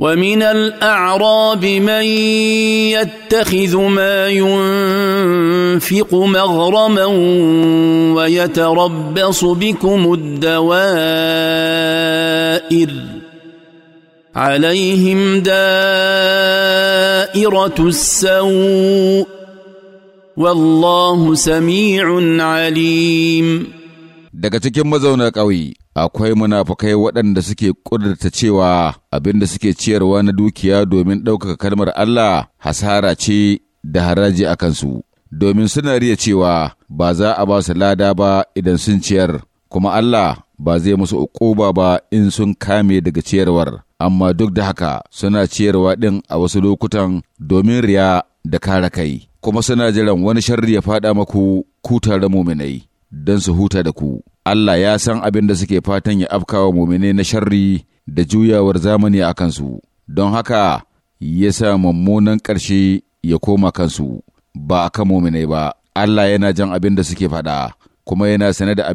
ومن الأعراب من يتخذ ما ينفق مغرما ويتربص بكم الدوائر عليهم دائرة السوء والله سميع عليم. دكتك مزونك mazauna akwai munafukai waɗanda suke ƙudurta cewa abin da suke ciyarwa na dukiya domin ɗaukaka kalmar Allah hasara ce da haraji a kansu, domin suna riya cewa ba za a ba su lada ba idan sun ciyar, kuma Allah ba zai musu uquba ba in sun kame daga ciyarwar, amma duk da haka suna ciyarwa ɗin a wasu lokutan domin riya da kare kai, kuma suna jiran wani sharri ya faɗa maku ku tare muminai don su huta da ku. Allah ya san abin da suke fatan ya afkawa mumine na sharri da juyawar zamani a kansu, don haka ya sa mummunan ƙarshe ya koma kansu, ba a kan mumine ba, Allah yana jan abin da suke faɗa, kuma yana sane da